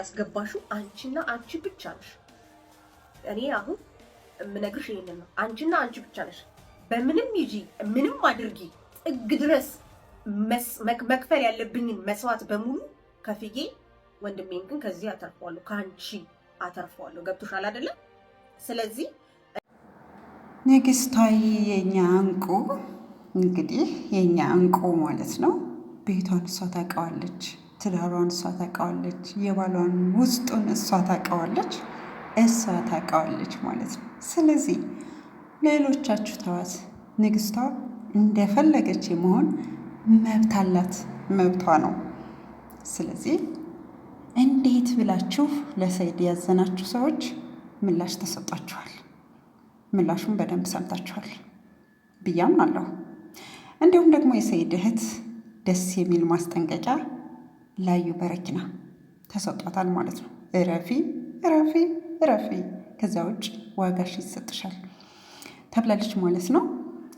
ያስገባሹ አንቺና አንቺ ብቻ ነሽ። እኔ አሁን የምነግርሽ ይህንን ነው። አንቺና አንቺ ብቻ ነሽ። በምንም ይጂ ምንም አድርጊ ጥግ ድረስ መክፈል ያለብኝን መስዋዕት በሙሉ ከፍዬ ወንድሜን ግን ከዚህ አተርፈዋለሁ፣ ከአንቺ አተርፈዋለሁ። ገብቶሻል አይደለም? ስለዚህ ንግስታዊ የኛ እንቁ እንግዲህ የኛ እንቁ ማለት ነው ቤቷን እሷ ታውቀዋለች። ትዳሯን እሷ ታቃዋለች የባሏን ውስጡን እሷ ታውቀዋለች እሷ ታቃዋለች ማለት ነው። ስለዚህ ሌሎቻችሁ ተዋት፣ ንግስቷ እንደፈለገች የመሆን መብት አላት፣ መብቷ ነው። ስለዚህ እንዴት ብላችሁ ለሰይድ ያዘናችሁ ሰዎች ምላሽ ተሰጣችኋል። ምላሹን በደንብ ሰምታችኋል ብያም አለሁ እንዲሁም ደግሞ የሰይድ እህት ደስ የሚል ማስጠንቀቂያ ላዩ በረኪና ተሰጧታል ማለት ነው። እረፊ እረፊ እረፊ ከዛ ውጭ ዋጋሽ ይሰጥሻል ተብላለች ማለት ነው።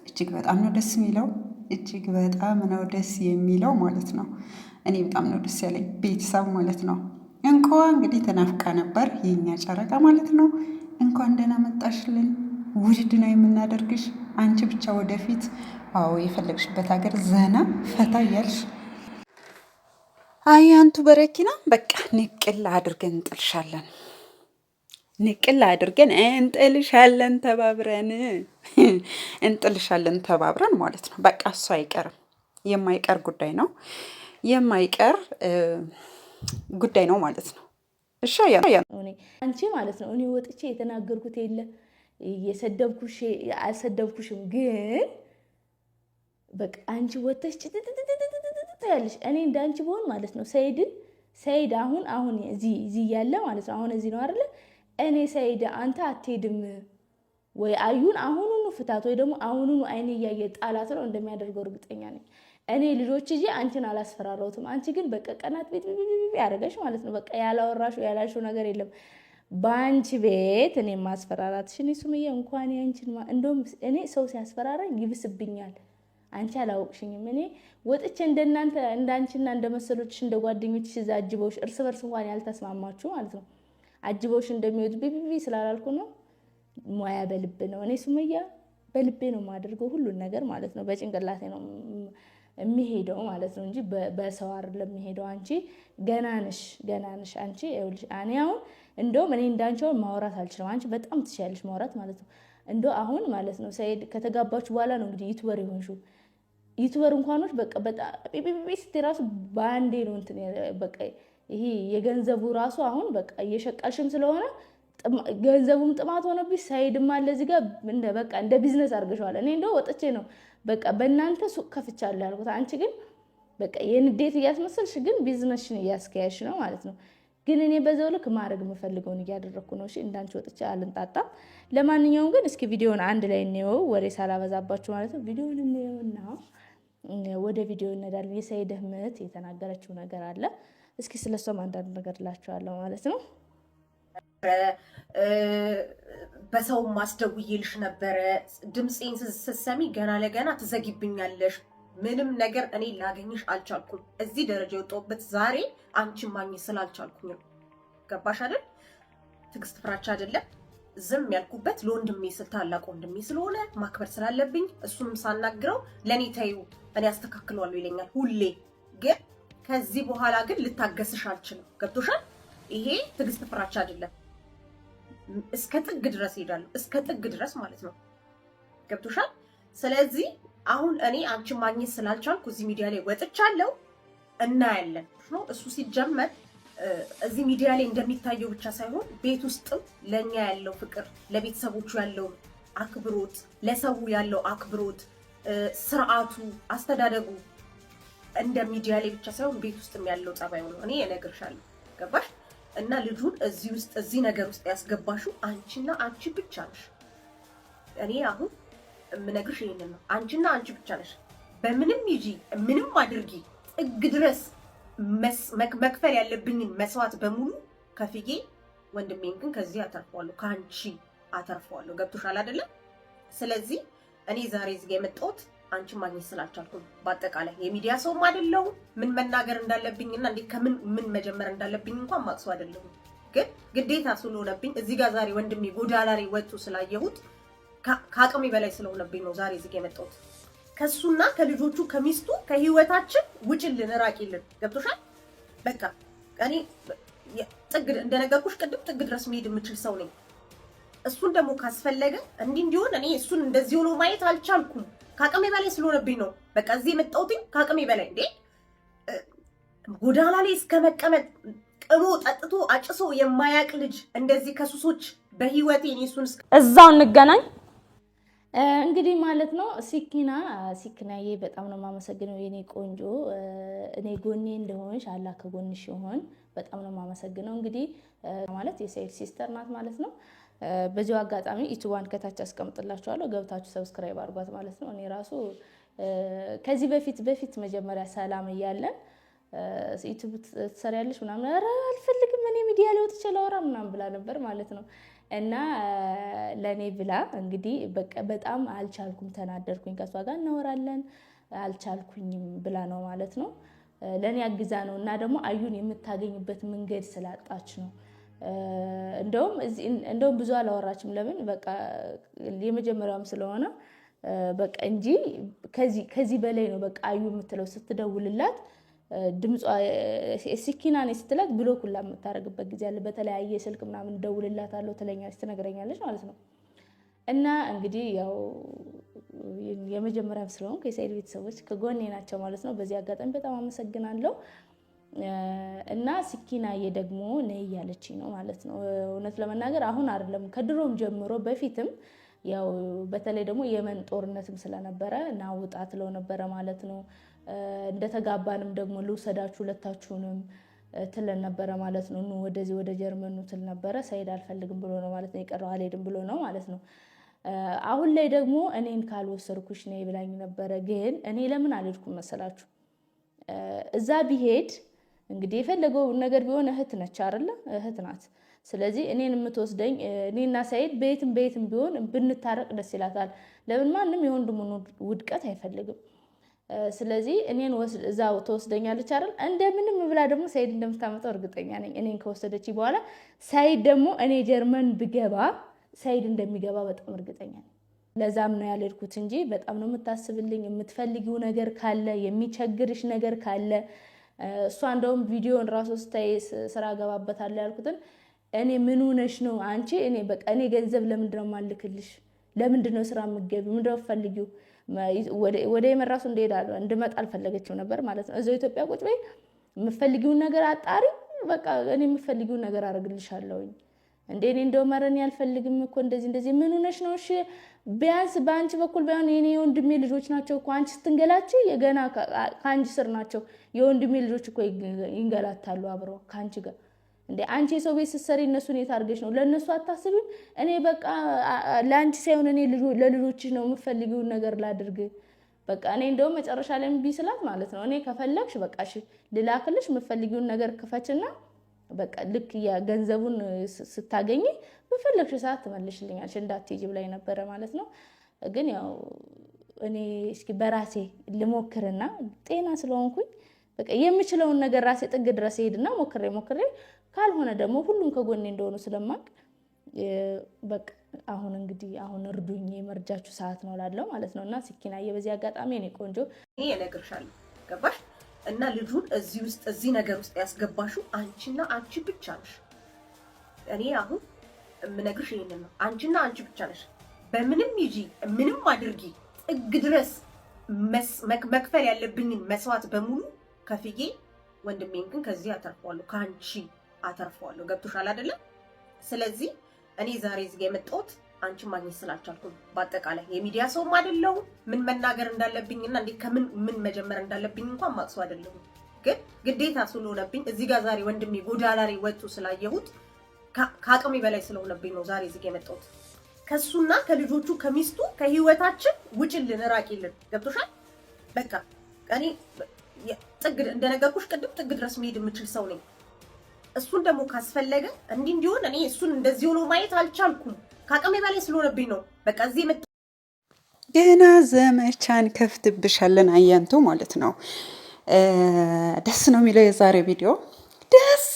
እጅግ በጣም ነው ደስ የሚለው እጅግ በጣም ነው ደስ የሚለው ማለት ነው። እኔ በጣም ነው ደስ ያለኝ ቤተሰብ ማለት ነው። እንኳ እንግዲህ ተናፍቃ ነበር የኛ ጨረቃ ማለት ነው። እንኳን ደህና መጣሽልን። ውድድ ነው የምናደርግሽ አንቺ ብቻ ወደፊት አዎ የፈለግሽበት ሀገር ዘና ፈታ እያልሽ አይ አንቱ በረኪና በቃ ንቅል አድርገን እንጥልሻለን፣ ንቅል አድርገን እንጥልሻለን ተባብረን እንጥልሻለን ተባብረን ማለት ነው። በቃ እሱ አይቀርም፣ የማይቀር ጉዳይ ነው፣ የማይቀር ጉዳይ ነው ማለት ነው። እሺ አንቺ ማለት ነው እኔ ወጥቼ የተናገርኩት የለ የሰደብኩሽ አልሰደብኩሽም፣ ግን በቃ አንቺ ወጥተሽ ታያለሽ። እኔ እንዳንቺ በሆን ማለት ነው ሰይድን ሰይድ አሁን አሁን እዚህ እያለ ማለት ነው አሁን እዚህ ነው አይደለ? እኔ ሰይድ አንተ አትሄድም ወይ አዩን አሁኑኑ ፍታት፣ ወይ ደግሞ አሁኑኑ አይኔ እያየ ጣላት ነው እንደሚያደርገው እርግጠኛ ነኝ። እኔ ልጆች እጂ አንቺን አላስፈራረሁትም። አንቺ ግን በቃ ቀናት ቤት ያደረገሽ ማለት ነው። በቃ ያላወራሹ ያላልሽው ነገር የለም በአንቺ ቤት እኔ ማስፈራራትሽን ሱምዬ እንኳን ያንቺን እንደውም እኔ ሰው ሲያስፈራራኝ ይብስብኛል። አንቺ አላወቅሽኝም። እኔ ወጥቼ እንደናንተ እንዳንቺና እንደመሰሎችሽ እንደ ጓደኞችሽ እዛ አጅበውሽ እርስ በርስ እንኳን ያልተስማማችሁ ማለት ነው አጅበውሽ እንደሚወድ ቢቢቢ ስላላልኩ ነው። ሙያ በልብ ነው። እኔ ሱመያ በልቤ ነው የማደርገው ሁሉን ነገር ማለት ነው። በጭንቅላቴ ነው የሚሄደው ማለት ነው እንጂ በሰው አይደለም የሚሄደው። አንቺ ገና ነሽ፣ ገና ነሽ አንቺ። እኔ አሁን እንደውም እኔ እንዳንቸውን ማውራት አልችልም። አንቺ በጣም ትችያለሽ ማውራት ማለት ነው። እንደ አሁን ማለት ነው ሰኢድ ከተጋባችሁ በኋላ ነው እንግዲህ ዩቱበር የሆንሽው ዩቱበር እንኳኖች በቃ በጣም ቢቢቢስቲ ራሱ በአንዴ ነው እንትን በቃ ይሄ የገንዘቡ ራሱ አሁን በቃ እየሸቀልሽም ስለሆነ ገንዘቡም ጥማት ሆነብሽ፣ ሳይድም አለ እዚህ ጋር በቃ እንደ ቢዝነስ አድርገሽዋል። እኔ እንደው ወጥቼ ነው በቃ በእናንተ ሱቅ ከፍቻለሁ ያልኩት፣ አንቺ ግን በቃ የንዴት እያስመሰልሽ ግን ቢዝነስሽን እያስኪያሽ ነው ማለት ነው። ግን እኔ በዛው ልክ ማድረግ የምፈልገውን እያደረግኩ ነው። እንዳንቺ ወጥቼ አልንጣጣም። ለማንኛውም ግን እስኪ ቪዲዮን አንድ ላይ እንየው፣ ወሬ ሳላበዛባችሁ ማለት ነው። ቪዲዮን እንየውና ወደ ቪዲዮ እንሄዳለን። የሰኢድ እህት የተናገረችው ነገር አለ። እስኪ ስለሷም አንዳንድ ነገር እላቸዋለሁ ማለት ነው። በሰው ማስደውዬልሽ ነበረ። ድምፄን ስትሰሚ ገና ለገና ትዘጊብኛለሽ። ምንም ነገር እኔ ላገኝሽ አልቻልኩም። እዚህ ደረጃ የወጣሁበት ዛሬ አንቺን ማግኘት ስላልቻልኩኝ ገባሽ አይደል? ትዕግስት ፍራቻ አይደለም ዝም ያልኩበት ለወንድሜ ስል ታላቅ ወንድሜ ስለሆነ ማክበር ስላለብኝ እሱም ሳናግረው ለእኔ ተይው እኔ አስተካክለዋለሁ ይለኛል ሁሌ። ግን ከዚህ በኋላ ግን ልታገስሽ አልችልም። ገብቶሻል? ይሄ ትዕግስት ፍራቻ አይደለም። እስከ ጥግ ድረስ ሄዳለሁ፣ እስከ ጥግ ድረስ ማለት ነው። ገብቶሻል? ስለዚህ አሁን እኔ አንቺን ማግኘት ስላልቻልኩ እዚህ ሚዲያ ላይ ወጥቻለሁ። እናያለን። እሱ ሲጀመር እዚህ ሚዲያ ላይ እንደሚታየው ብቻ ሳይሆን ቤት ውስጥም ለእኛ ያለው ፍቅር፣ ለቤተሰቦቹ ያለው አክብሮት፣ ለሰው ያለው አክብሮት፣ ስርዓቱ፣ አስተዳደጉ እንደ ሚዲያ ላይ ብቻ ሳይሆን ቤት ውስጥም ያለው ጸባይ ነው። እኔ እነግርሻለሁ። ገባሽ? እና ልጁን እዚህ ውስጥ እዚህ ነገር ውስጥ ያስገባሹ አንቺና አንቺ ብቻ ነሽ። እኔ አሁን የምነግርሽ ይህንን ነው። አንቺና አንቺ ብቻ ነሽ። በምንም ይጂ ምንም አድርጊ ጥግ ድረስ መክፈል ያለብኝን መስዋዕት በሙሉ ከፍዬ ወንድሜን ግን ከዚህ አተርፈዋለሁ፣ ከአንቺ አተርፈዋለሁ። ገብቶሻል አይደለም? ስለዚህ እኔ ዛሬ እዚህ ጋ የመጣሁት አንቺን ማግኘት ስላልቻልኩ በአጠቃላይ የሚዲያ ሰውም አይደለሁም። ምን መናገር እንዳለብኝና እንዴት ከምን ምን መጀመር እንዳለብኝ እንኳን ማቅሶ አይደለሁም። ግን ግዴታ ስለሆነብኝ እዚህ ጋር ዛሬ ወንድሜ ጎዳና ወጡ ስላየሁት ከአቅሜ በላይ ስለሆነብኝ ነው ዛሬ እዚህ ጋ የመጣሁት። ከሱና ከልጆቹ ከሚስቱ ከህይወታችን ውጭልን፣ ራቂልን። ገብቶሻል? በቃ እኔ ጥግ እንደነገርኩሽ ቅድም ጥግ ድረስ መሄድ የምችል ሰው ነኝ። እሱን ደግሞ ካስፈለገ እንዲህ እንዲሆን እኔ እሱን እንደዚህ ሆኖ ማየት አልቻልኩም። ከአቅሜ በላይ ስለሆነብኝ ነው። በቃ እዚህ የመጣሁትኝ ከአቅሜ በላይ እንዴ ጎዳና ላይ እስከ መቀመጥ ቅሞ ጠጥቶ አጭሶ የማያቅ ልጅ እንደዚህ ከሱሶች በህይወቴ እኔ እሱን እዛው እንገናኝ እንግዲህ ማለት ነው ሲኪና ሲኪናዬ በጣም ነው የማመሰግነው የኔ ቆንጆ፣ እኔ ጎኔ እንደሆንሽ አላ ከጎንሽ ይሆን። በጣም ነው የማመሰግነው። እንግዲህ ማለት የሰይድ ሲስተር ናት ማለት ነው። በዚሁ አጋጣሚ ዩቱባን ከታች አስቀምጥላችኋለሁ ገብታችሁ ሰብስክራይብ አድርጓት ማለት ነው። እኔ ራሱ ከዚህ በፊት በፊት መጀመሪያ ሰላም እያለን ዩቱብ ትሰሪያለሽ ምናምን፣ ኧረ አልፈልግም እኔ ሚዲያ ሊወጥ ይችላል ወራ ምናምን ብላ ነበር ማለት ነው። እና ለእኔ ብላ እንግዲህ በቃ በጣም አልቻልኩም፣ ተናደርኩኝ። ከሷ ጋር እናወራለን አልቻልኩኝም ብላ ነው ማለት ነው። ለእኔ አግዛ ነው እና ደግሞ አዩን የምታገኝበት መንገድ ስላጣች ነው። እንደውም ብዙ አላወራችም። ለምን በቃ የመጀመሪያውም ስለሆነ በቃ እንጂ ከዚህ በላይ ነው በቃ አዩ የምትለው ስትደውልላት ድምጿ ሲኪናኔ ስትላት ብሎክ ኩላ የምታደርግበት ጊዜ አለ። በተለያየ ስልክ ምናምን ደውልላታለሁ ትለኛለች፣ ትነግረኛለች ማለት ነው። እና እንግዲህ ያው የመጀመሪያም ስለሆንኩ የሰኢድ ቤተሰቦች ከጎኔ ናቸው ማለት ነው። በዚህ አጋጣሚ በጣም አመሰግናለሁ። እና ሲኪናዬ ደግሞ ነይ እያለችኝ ነው ማለት ነው። እውነት ለመናገር አሁን አይደለም ከድሮም ጀምሮ በፊትም ያው በተለይ ደግሞ የመን ጦርነትም ስለነበረ ናውጣ ትለው ነበረ ማለት ነው። እንደተጋባንም ደግሞ ልውሰዳችሁ ሁለታችሁንም ትለን ነበረ ማለት ነው። ወደዚህ ወደ ጀርመኑ ትል ነበረ። ሰኢድ አልፈልግም ብሎ ነው ማለት ነው የቀረው፣ አልሄድም ብሎ ነው ማለት ነው። አሁን ላይ ደግሞ እኔን ካልወሰድኩሽ ነይ ብላኝ ነበረ። ግን እኔ ለምን አልሄድኩም መሰላችሁ? እዛ ቢሄድ እንግዲህ የፈለገው ነገር ቢሆን እህት ነች አይደለ? እህት ናት። ስለዚህ እኔን የምትወስደኝ እኔና ሰኢድ በየትም በየትም ቢሆን ብንታረቅ ደስ ይላታል። ለምን ማንም የወንድሙን ውድቀት አይፈልግም። ስለዚህ እኔን እዛ ተወስደኛለች አይደል? እንደምንም ብላ ደግሞ ሰይድ እንደምታመጣው እርግጠኛ ነኝ። እኔን ከወሰደች በኋላ ሰይድ ደግሞ እኔ ጀርመን ብገባ ሰይድ እንደሚገባ በጣም እርግጠኛ ነኝ። ለዛም ነው ያልሄድኩት እንጂ በጣም ነው የምታስብልኝ። የምትፈልጊው ነገር ካለ፣ የሚቸግርሽ ነገር ካለ እሷ እንደውም ቪዲዮን ራሱ ስታይ ስራ ገባበታለሁ ያልኩትን እኔ ምን ሆነሽ ነው አንቺ? እኔ በቃ እኔ ገንዘብ ለምንድነው ማልክልሽ? ለምንድነው ስራ የምትገቢው? ምንድነው ፈልጊው ወደ የመን ራሱ እንደሄዳ እንድመጣ አልፈለገችው ነበር ማለት ነው። እዛው ኢትዮጵያ ቁጭ በይ፣ የምፈልጊውን ነገር አጣሪ፣ በቃ እኔ የምፈልጊውን ነገር አደርግልሻለሁኝ። እንደ እኔ እንደው መረን ያልፈልግም እኮ እንደዚህ እንደዚህ። ምን ሆነሽ ነው? እሺ ቢያንስ በአንቺ በኩል ባይሆን የኔ የወንድሜ ልጆች ናቸው እኮ አንቺ ስትንገላች የገና ከአንቺ ስር ናቸው። የወንድሜ ልጆች እኮ ይንገላታሉ አብረው ከአንቺ ጋር እንዴ አንቺ የሰው ቤት ስትሰሪ እነሱን የት አድርገሽ ነው? ለእነሱ አታስብም? እኔ በቃ ለአንቺ ሳይሆን እኔ ለልጆችሽ ነው የምፈልጊውን ነገር ላድርግ። በቃ እኔ እንደውም መጨረሻ ላይ እምቢ ስላት ማለት ነው እኔ ከፈለግሽ በቃ እሺ ልላክልሽ የምፈልጊውን ነገር ክፈችና በቃ ልክ ገንዘቡን ስታገኝ በፈለግሽ ሰዓት ትመልሽልኛለሽ እንዳትሄጂ ብላኝ ነበረ ማለት ነው። ግን ያው እኔ እስኪ በራሴ ልሞክርና ጤና ስለሆንኩኝ በቃ የምችለውን ነገር ራሴ ጥግ ድረስ ሄድና ሞክሬ ሞክሬ ካልሆነ ደግሞ ሁሉም ከጎኔ እንደሆኑ ስለማቅ በቃ አሁን እንግዲህ አሁን እርዱኝ የመርጃችሁ ሰዓት ነው ላለው ማለት ነው። እና ሲኪናዬ በዚህ አጋጣሚ እኔ ቆንጆ እኔ እነግርሻለሁ፣ ገባሽ? እና ልጁን እዚህ ውስጥ እዚህ ነገር ውስጥ ያስገባሹ አንቺና አንቺ ብቻ ነሽ። እኔ አሁን የምነግርሽ ይህንን ነው። አንቺና አንቺ ብቻ ነሽ። በምንም ይጂ ምንም አድርጊ፣ ጥግ ድረስ መክፈል ያለብኝን መስዋዕት በሙሉ ከፍዬ ወንድሜን ግን ከዚህ አተርፈዋለሁ ከአንቺ አተርፈዋለሁ። ገብቶሻል አይደለም? ስለዚህ እኔ ዛሬ እዚህ ጋ የመጣሁት አንቺን ማግኘት ስላልቻልኩ በአጠቃላይ የሚዲያ ሰውም አይደለሁም። ምን መናገር እንዳለብኝና እንዴት ከምን ምን መጀመር እንዳለብኝ እንኳን ማቅሶ አይደለሁም። ግን ግዴታ ስለሆነብኝ እዚህ ጋር ዛሬ ወንድሜ ጎዳላሪ ወጡ ስላየሁት ከአቅሜ በላይ ስለሆነብኝ ነው ዛሬ እዚህ ጋ የመጣሁት። ከሱና ከልጆቹ ከሚስቱ ከህይወታችን ውጭልን፣ ራቂልን። ገብቶሻል? በቃ እኔ ጥግ እንደነገርኩሽ ቅድም ጥግ ድረስ መሄድ የምችል ሰው ነኝ። እሱን ደግሞ ካስፈለገ እንዲህ እንዲሆን እኔ እሱን እንደዚህ ሆኖ ማየት አልቻልኩም። ከአቅሜ በላይ ስለሆነብኝ ነው። በቃ እዚህ ገና ዘመቻን ከፍትብሻለን አያንቱ ማለት ነው። ደስ ነው የሚለው የዛሬ ቪዲዮ ደስ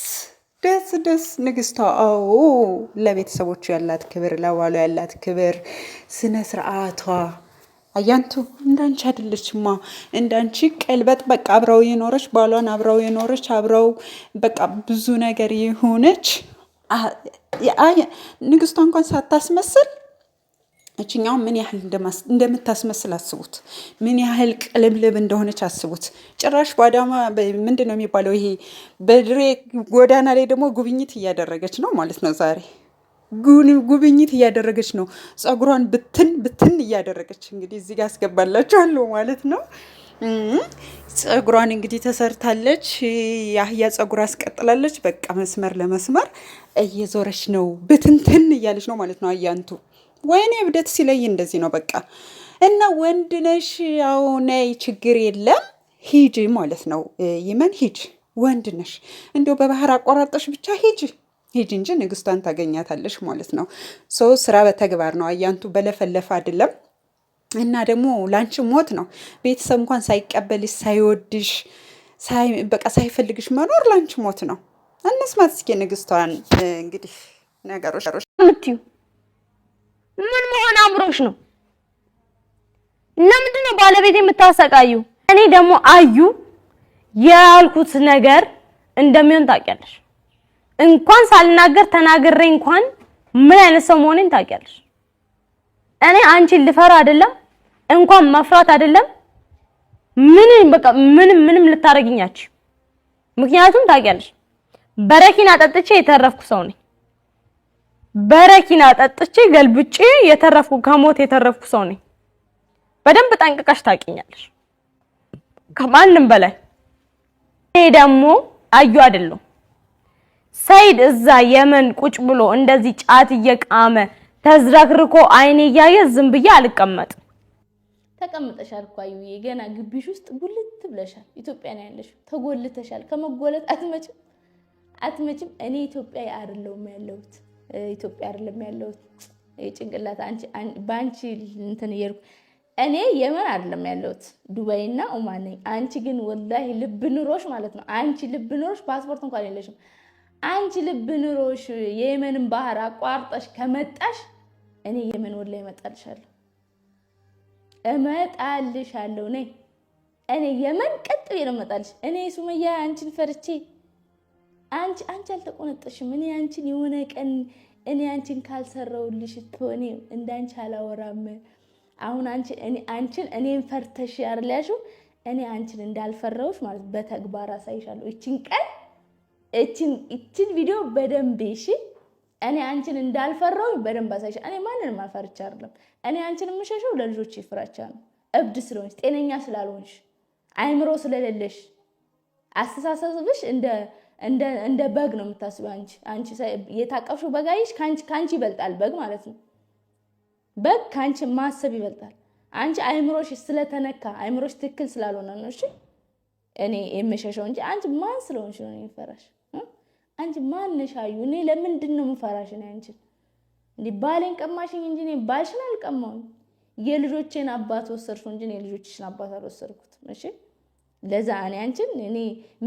ደስ ደስ ንግስቷ፣ አዎ ለቤተሰቦቹ ያላት ክብር፣ ለባሏ ያላት ክብር፣ ስነ ስርዓቷ አያንቱ እንዳንቺ አይደለችማ። እንዳንቺ ቀልበጥ በቃ አብረው የኖረች ባሏን አብረው የኖረች አብረው በቃ ብዙ ነገር የሆነች ንግስቷ እንኳን ሳታስመስል እችኛው ምን ያህል እንደምታስመስል አስቡት። ምን ያህል ቅልብልብ እንደሆነች አስቡት። ጭራሽ በአዳማ ምንድን ነው የሚባለው ይሄ በድሬ ጎዳና ላይ ደግሞ ጉብኝት እያደረገች ነው ማለት ነው ዛሬ ጉብኝት እያደረገች ነው። ጸጉሯን ብትን ብትን እያደረገች እንግዲህ እዚህ ጋር አስገባላችኋለሁ ማለት ነው። ጸጉሯን እንግዲህ ተሰርታለች። የአህያ ጸጉር አስቀጥላለች። በቃ መስመር ለመስመር እየዞረች ነው፣ ብትንትን እያለች ነው ማለት ነው። አያንቱ ወይኔ እብደት ሲለይ እንደዚህ ነው በቃ እና ወንድ ነሽ ያው ነይ፣ ችግር የለም ሂጂ ማለት ነው። ይመን ሂጅ፣ ወንድ ነሽ እንዲያው በባህር አቆራጠሽ ብቻ ሂጂ ሂጅ እንጂ ንግስቷን ታገኛታለሽ ማለት ነው። ስራ በተግባር ነው። አያንቱ በለፈለፈ አይደለም። እና ደግሞ ላንቺ ሞት ነው። ቤተሰብ እንኳን ሳይቀበልሽ ሳይወድሽ በቃ ሳይፈልግሽ መኖር ላንቺ ሞት ነው። እንስማት እስኪ ንግስቷን እንግዲህ ነገሮች ምን መሆን አምሮሽ ነው? ለምንድን ነው ባለቤት የምታሰቃዩ? እኔ ደግሞ አዩ ያልኩት ነገር እንደሚሆን ታውቂያለሽ። እንኳን ሳልናገር ተናግሬ እንኳን ምን አይነት ሰው መሆኔን ታውቂያለሽ። እኔ አንቺን ልፈራ አይደለም እንኳን መፍራት አይደለም ምንም በቃ ምንም ምንም ልታረግኛችሁ። ምክንያቱም ታውቂያለሽ በረኪና ጠጥቼ የተረፍኩ ሰው ነኝ። በረኪና ጠጥቼ ገልብጬ የተረፍኩ ከሞት የተረፍኩ ሰው ነኝ። በደንብ ጠንቅቀሽ ታውቂኛለሽ ከማንም በላይ። እኔ ደግሞ አዩ አይደለሁም ሰይድ እዛ የመን ቁጭ ብሎ እንደዚህ ጫት እየቃመ ተዝረክርኮ አይኔ እያየ ዝም ብዬ አልቀመጥ። ተቀምጠሻል እኮ አዩዬ፣ ገና ግቢሽ ውስጥ ጉልት ብለሻል። ኢትዮጵያ ነው ያለሽ፣ ተጎልተሻል። ከመጎለት አትመጭም፣ አትመጭም። እኔ ኢትዮጵያ አይደለሁም ያለሁት፣ ኢትዮጵያ አይደለም ያለሁት። ጭንቅላት በአንቺ እንትን እየሄድኩ እኔ የመን አይደለም ያለሁት፣ ዱባይና ኦማን ነኝ። አንቺ ግን ወላሂ ልብ ኑሮሽ ማለት ነው። አንቺ ልብ ኑሮሽ ፓስፖርት እንኳን የለሽም። አንቺ ልብ ኑሮሽ የየመንን ባህር አቋርጠሽ ከመጣሽ እኔ የመን ወላ እመጣልሻለሁ፣ እመጣልሻለሁ። ነይ እኔ የመን ቀጥ ብዬ ነው እመጣልሽ። እኔ ሱመያ አንቺን ፈርቼ አንቺ አንቺ አልተቆነጠሽም። እኔ አንቺን የሆነ ቀን እኔ አንቺን ካልሰራውልሽ እኔ እንዳንቺ አላወራም። አሁን አንቺ እኔ አንቺን እኔን ፈርተሽ አርሊያሹ እኔ አንቺን እንዳልፈረውሽ ማለት በተግባር አሳይሻለሁ። ይችን ቀን እችን ቪዲዮ በደንብ ይሺ እኔ አንቺን እንዳልፈራው በደንብ አሳይሽ። እኔ ማንንም አልፈርቻ አይደለም። እኔ አንቺን የምሸሸው ለልጆች ፍራቻ ነው። እብድ ስለሆንሽ፣ ጤነኛ ስላልሆንሽ፣ አይምሮ ስለሌለሽ፣ አስተሳሰብሽ እንደ እንደ እንደ በግ ነው የምታስቢው። አንቺ አንቺ የታቀፍሽው በጋይሽ ካንቺ ካንቺ ይበልጣል። በግ ማለት ነው። በግ ካንቺ ማሰብ ይበልጣል። አንቺ አይምሮሽ ስለተነካ አይምሮሽ ትክክል ስላልሆነ ነው እሺ እኔ የምሸሸው እንጂ አንቺ ማን ስለሆንሽ ነው የሚፈራሽ? አንቺ ማነሽ አዩ? እኔ ለምንድን ነው ምፈራሽ? ነ አንቺን እንዲ ባሌን ቀማሽኝ እንጂ እኔ ባልሽን አልቀማሁኝ። የልጆቼን አባት ወሰድሽው እንጂ እኔ የልጆችሽን አባት አልወሰድኩት። እሺ ለዛ እኔ አንቺን እኔ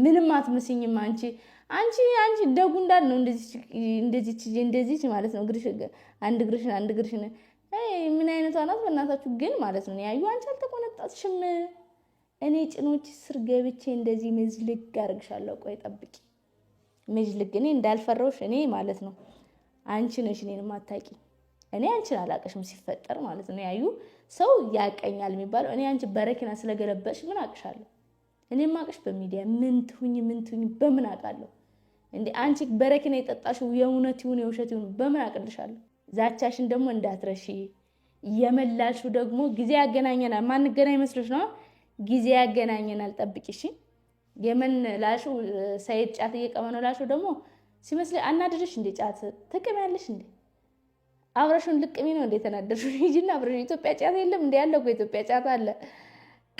ምንም አትመስኝም። አንቺ አንቺ አንቺ ደጉ እንዳል ነው እንደዚህ እንደዚህ ማለት ነው። ግርሽ አንድ ግርሽን አንድ እግርሽን ምን አይነቷ ናት በእናታችሁ ግን ማለት ነው። ያዩ አንቺ አልተቆነጣትሽም። እኔ ጭኖች ስር ገብቼ እንደዚህ መዝልግ አድርግሻለሁ። ቆይ ጠብቂ ምጅልግ እኔ እንዳልፈረውሽ እኔ ማለት ነው አንቺ ነሽ እኔን ማታቂ እኔ አንቺን አላቀሽም ሲፈጠር ማለት ነው። ያዩ ሰው ያቀኛል የሚባለው እኔ አንቺ በረኪና ስለገለበጥሽ ምን አቅሻለሁ? እኔ ማቅሽ በሚዲያ ምን ትሁኝ ምን ትሁኝ በምን አውቃለሁ? እንደ አንቺ በረኪና የጠጣሽው የእውነት ይሁን የውሸት ይሁን በምን አቅልሻለሁ? ዛቻሽን ደግሞ እንዳትረሺ። የመላልሽው ደግሞ ጊዜ ያገናኘናል። ማንገናኝ መስሎሽ ነው? ጊዜ ያገናኘናል። ጠብቂሽኝ የምን ላሹ ሰይድ ጫት እየቀመ ነው። ላሹ ደግሞ ሲመስል አናድድሽ እንዴ? ጫት ትቅሚያለሽ እንዴ? አብረሹን ልቅሚ ነው እንዴ? ተናደርሹ ሂጂና አብረሽ ኢትዮጵያ ጫት የለም እንዴ? ያለ እኮ ኢትዮጵያ ጫት አለ።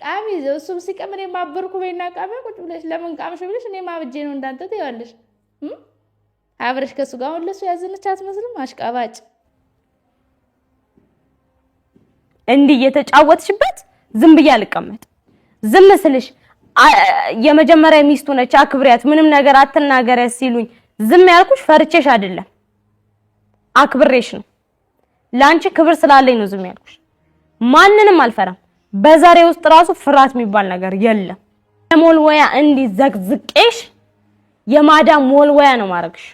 ቃሚ ዘው እሱም ሲቀም እኔ ማበርኩ በይና ቃሚ ቁጭ ብለሽ ለምን ቃምሽ ብለሽ እኔ ማብጄ ነው እንዳንተ ትይዋለሽ። አብረሽ ከሱ ጋር አሁን ለሱ ያዘነች አትመስልም? አሽቃባጭ እንዲህ እየተጫወትሽበት ዝም ብዬ አልቀመጥ ዝም ስልሽ የመጀመሪያ ሚስቱ ነች፣ አክብሪያት፣ ምንም ነገር አትናገሪያት ሲሉኝ ዝም ያልኩሽ ፈርቼሽ አይደለም አክብሬሽ ነው። ለአንቺ ክብር ስላለኝ ነው ዝም ያልኩሽ። ማንንም አልፈራም። በዛሬ ውስጥ ራሱ ፍርሃት የሚባል ነገር የለም። ሞልወያ እንዲህ ዘቅዝቄሽ የማዳም ሞልወያ ነው ማድረግሽ።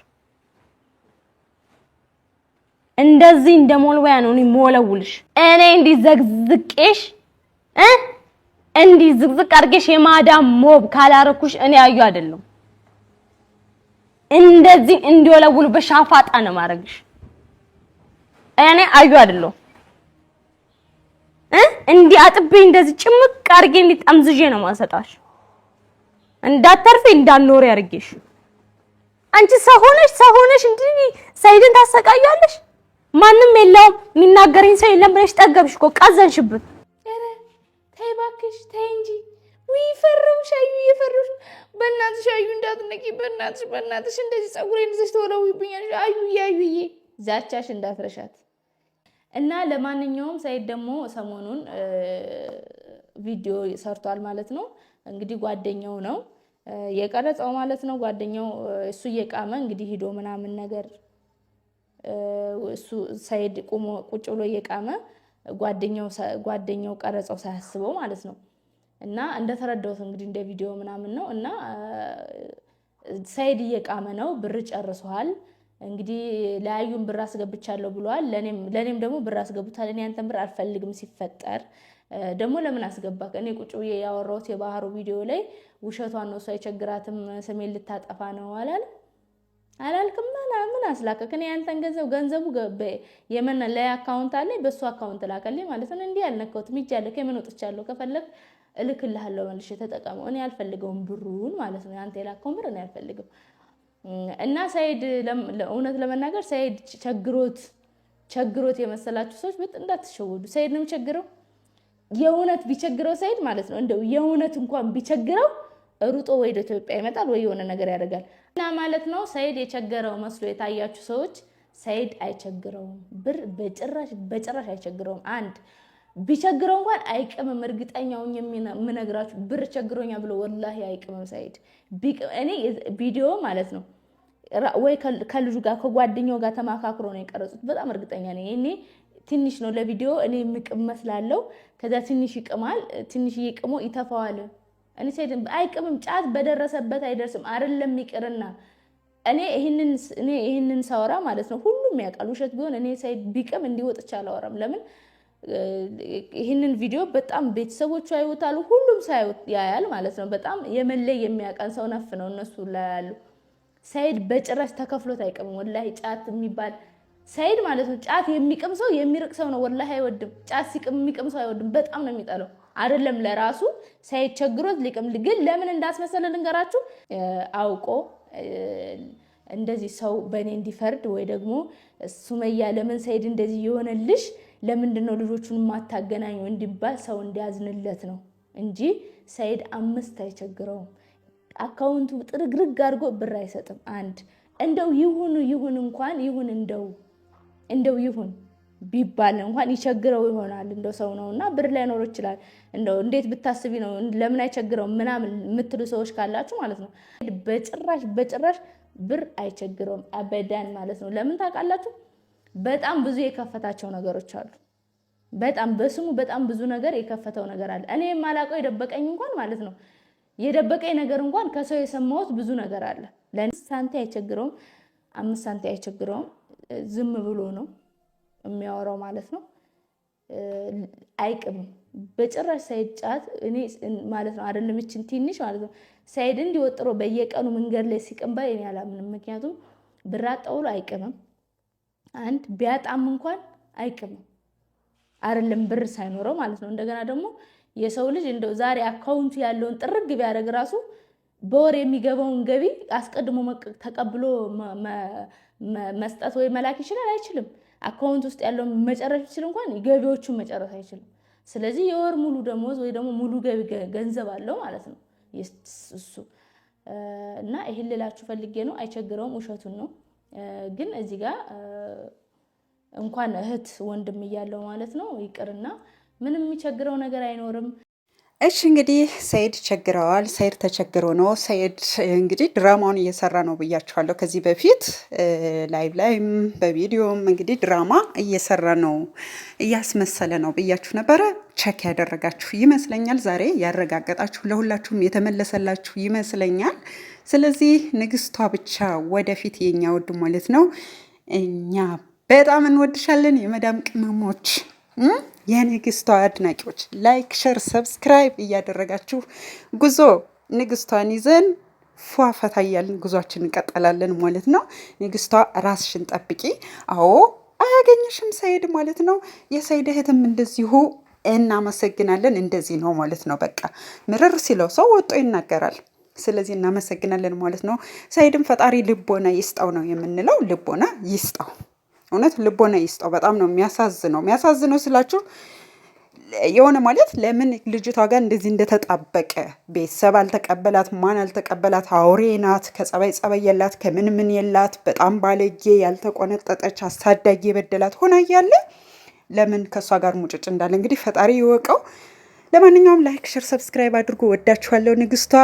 እንደዚህ እንደ ሞልወያ ነው እኔ ሞለውልሽ። እኔ እንዲህ ዘቅዝቄሽ እ እንዲህ ዝቅዝቅ አድርገሽ የማዳም ሞብ ካላረኩሽ እኔ አዩ አይደለም። እንደዚህ እንዲወለውሉ በሻፋጣ ነው ማረግሽ። እኔ አዩ አይደለም እ እንዲህ አጥቤ እንደዚህ ጭምቅ አድርጌ እንዲህ ጠምዝዤ ነው ማሰጣሽ። እንዳተርፌ እንዳልኖር ያርጌሽ። አንቺ ሰው ሆነሽ ሰው ሆነሽ እንዲህ ሰይድን ታሰቃያለሽ። ማንም የለውም የሚናገረኝ ሰው የለም ብለሽ ጠገብሽ እኮ ቀዘንሽብት። ተይ እባክሽ ተይ እንጂ ውይ ፈረውሽ አዩ እየፈረውሽ በእናትሽ አዩ እንዳትነቂ በእናትሽ በእናትሽ እንደዚህ ፀጉሬ እንደዚህ ተወለውብኛል አዩዬ አዩዬ ዛቻሽ እንዳትረሻት እና ለማንኛውም ሳይድ ደግሞ ሰሞኑን ቪዲዮ ሰርቷል ማለት ነው እንግዲህ ጓደኛው ነው የቀረጸው ማለት ነው ጓደኛው እሱ እየቃመ እንግዲህ ሂዶ ምናምን ነገር እሱ ሳይድ ቁሞ ቁጭ ብሎ እየቃመ ጓደኛው ቀረጸው ሳያስበው ማለት ነው። እና እንደተረዳሁት እንግዲህ እንደ ቪዲዮ ምናምን ነው እና ሰይድ እየቃመ ነው። ብር ጨርሰዋል እንግዲህ ለያዩን ብር አስገብቻለሁ ብለዋል። ለእኔም ደግሞ ብር አስገቡታል። እኔ ያንተን ብር አልፈልግም። ሲፈጠር ደግሞ ለምን አስገባ? እኔ ቁጭ ብዬ ያወራሁት የባህሩ ቪዲዮ ላይ ውሸቷን ነው፣ እሷ አይቸግራትም፣ ስሜን ልታጠፋ ነው አላለም አላልክም ምን አስላከክ እኔ ያንተን ገንዘብ ገንዘቡ የመን ላይ አካውንት አለኝ በእሱ አካውንት ላከልኝ ማለት ነው። እንዲህ ያልነካሁት ምጅ ያለ ከየመን ወጥቻለሁ ከፈለግ እልክልሃለሁ መልሼ ተጠቀመው። እኔ አልፈልገውም ብሩን ማለት ነው። ያንተ የላከውን ብር እኔ አልፈልግም። እና ሰይድ እውነት ለመናገር ሰይድ ቸግሮት ቸግሮት የመሰላችሁ ሰዎች በጥ እንዳትሸወዱ። ሰይድ ነው የሚቸግረው። የእውነት ቢቸግረው ሰይድ ማለት ነው እንደው የእውነት እንኳን ቢቸግረው ሩጦ ወደ ኢትዮጵያ ይመጣል ወይ የሆነ ነገር ያደርጋል እና ማለት ነው። ሰይድ የቸገረው መስሎ የታያችሁ ሰዎች ሰይድ አይቸግረውም። ብር በጭራሽ በጭራሽ አይቸግረውም። አንድ ቢቸግረው እንኳን አይቅምም። እርግጠኛውን የምነግራችሁ ብር ቸግሮኛ ብሎ ወላሂ አይቅምም ሰይድ። እኔ ቪዲዮ ማለት ነው ወይ ከልጁ ጋር ከጓደኛው ጋር ተማካክሮ ነው የቀረጹት። በጣም እርግጠኛ ነኝ እኔ ትንሽ ነው ለቪዲዮ እኔ ምቅም መስላለው። ከዛ ትንሽ ይቅማል። ትንሽ ይቅሞ ይተፋዋል። እኔ ሴት አይቅምም። ጫት በደረሰበት አይደርስም። አይደለም ይቅርና እኔ ይህንን እኔ ይህንን ሳወራ ማለት ነው ሁሉም ያውቃል። ውሸት ቢሆን እኔ ሳይድ ቢቅም እንዲወጥቻ አላወራም። ለምን ይህንን ቪዲዮ በጣም ቤተሰቦቹ ያዩታሉ። ሁሉም ሳይወት ያያል ማለት ነው። በጣም የመለይ የሚያውቀን ሰው ነፍ ነው እነሱ ላይ ያሉ ሳይድ በጭራሽ ተከፍሎት አይቅምም። ወላሂ ጫት የሚባል ሳይድ ማለት ነው ጫት የሚቅም ሰው የሚርቅ ሰው ነው። ወላሂ አይወድም። ጫት ሲቅም የሚቅም ሰው አይወድም። በጣም ነው የሚጠለው። አይደለም ለራሱ ሳይቸግሮት ሊቅም ግን ለምን እንዳስመሰለ ልንገራችሁ። አውቆ እንደዚህ ሰው በእኔ እንዲፈርድ ወይ ደግሞ ሱመያ ለምን ሰይድ እንደዚህ የሆነልሽ ለምንድን ነው ልጆቹን ማታገናኙ እንዲባል ሰው እንዲያዝንለት ነው እንጂ ሰይድ አምስት አይቸግረውም። አካውንቱ ጥርግርግ አድርጎ ብር አይሰጥም። አንድ እንደው ይሁኑ ይሁን እንኳን ይሁን እንደው እንደው ይሁን ቢባል እንኳን ይቸግረው ይሆናል እንደው ሰው ነው እና ብር ላይኖር ይችላል። እንደው እንዴት ብታስቢ ነው ለምን አይቸግረው ምናምን የምትሉ ሰዎች ካላችሁ ማለት ነው በጭራሽ በጭራሽ ብር አይቸግረውም አበዳን ማለት ነው። ለምን ታውቃላችሁ? በጣም ብዙ የከፈታቸው ነገሮች አሉ። በጣም በስሙ በጣም ብዙ ነገር የከፈተው ነገር አለ። እኔ የማላውቀው የደበቀኝ እንኳን ማለት ነው የደበቀኝ ነገር እንኳን ከሰው የሰማሁት ብዙ ነገር አለ። ለእኔ ሳንቲ አይቸግረውም፣ አምስት ሳንቲ አይቸግረውም። ዝም ብሎ ነው የሚያወራው ማለት ነው። አይቅም በጭራሽ ሳይድ ጫት እኔ ማለት ነው አይደለም እችን ትንሽ ማለት ነው ሳይድ እንዲወጥሮ በየቀኑ መንገድ ላይ ሲቅምባ እኔ አላምንም። ምክንያቱም ብራጥ አይቅምም። አንድ ቢያጣም እንኳን አይቅምም አይደለም ብር ሳይኖረው ማለት ነው። እንደገና ደግሞ የሰው ልጅ እንደው ዛሬ አካውንቱ ያለውን ጥርግ ቢያደርግ ራሱ በወር የሚገባውን ገቢ አስቀድሞ ተቀብሎ መስጠት ወይ መላክ ይችላል? አይችልም። አካውንት ውስጥ ያለውን መጨረስ ቢችል እንኳን ገቢዎቹን መጨረስ አይችልም። ስለዚህ የወር ሙሉ ደሞዝ ወይ ደግሞ ሙሉ ገቢ ገንዘብ አለው ማለት ነው እሱ እና ይህን ልላችሁ ፈልጌ ነው። አይቸግረውም፣ ውሸቱን ነው። ግን እዚህ ጋር እንኳን እህት ወንድም እያለው ማለት ነው ይቅርና ምንም የሚቸግረው ነገር አይኖርም። እሺ እንግዲህ ሰይድ ቸግረዋል። ሰይድ ተቸግሮ ነው። ሰይድ እንግዲህ ድራማውን እየሰራ ነው ብያችኋለሁ። ከዚህ በፊት ላይቭ ላይም በቪዲዮም እንግዲህ ድራማ እየሰራ ነው እያስመሰለ ነው ብያችሁ ነበረ። ቸክ ያደረጋችሁ ይመስለኛል። ዛሬ ያረጋገጣችሁ ለሁላችሁም የተመለሰላችሁ ይመስለኛል። ስለዚህ ንግስቷ ብቻ ወደፊት የኛ ውድ ማለት ነው። እኛ በጣም እንወድሻለን የመዳም ቅመሞች የንግስቷ አድናቂዎች ላይክ፣ ሸር፣ ሰብስክራይብ እያደረጋችሁ ጉዞ ንግስቷን ይዘን ፏፈታ እያልን ጉዟችን እንቀጠላለን ማለት ነው። ንግስቷ ራስሽን ጠብቂ። አዎ አያገኘሽም ሰይድ ማለት ነው። የሰይድ እህትም እንደዚሁ እናመሰግናለን። እንደዚህ ነው ማለት ነው። በቃ ምርር ሲለው ሰው ወጦ ይናገራል። ስለዚህ እናመሰግናለን ማለት ነው። ሰይድም ፈጣሪ ልቦና ይስጣው ነው የምንለው። ልቦና ይስጣው። እውነት ልቦና ይስጠው። በጣም ነው የሚያሳዝነው። የሚያሳዝነው ስላችሁ የሆነ ማለት ለምን ልጅቷ ጋር እንደዚህ እንደተጣበቀ ቤተሰብ አልተቀበላት፣ ማን አልተቀበላት፣ አውሬ ናት፣ ከጸባይ ጸባይ የላት፣ ከምን ምን የላት፣ በጣም ባለጌ፣ ያልተቆነጠጠች፣ አሳዳጊ የበደላት ሆና እያለ ለምን ከእሷ ጋር ሙጭጭ እንዳለ እንግዲህ ፈጣሪ ይወቀው። ለማንኛውም ላይክ፣ ሸር፣ ሰብስክራይብ አድርጎ ወዳችኋለሁ። ንግስቷ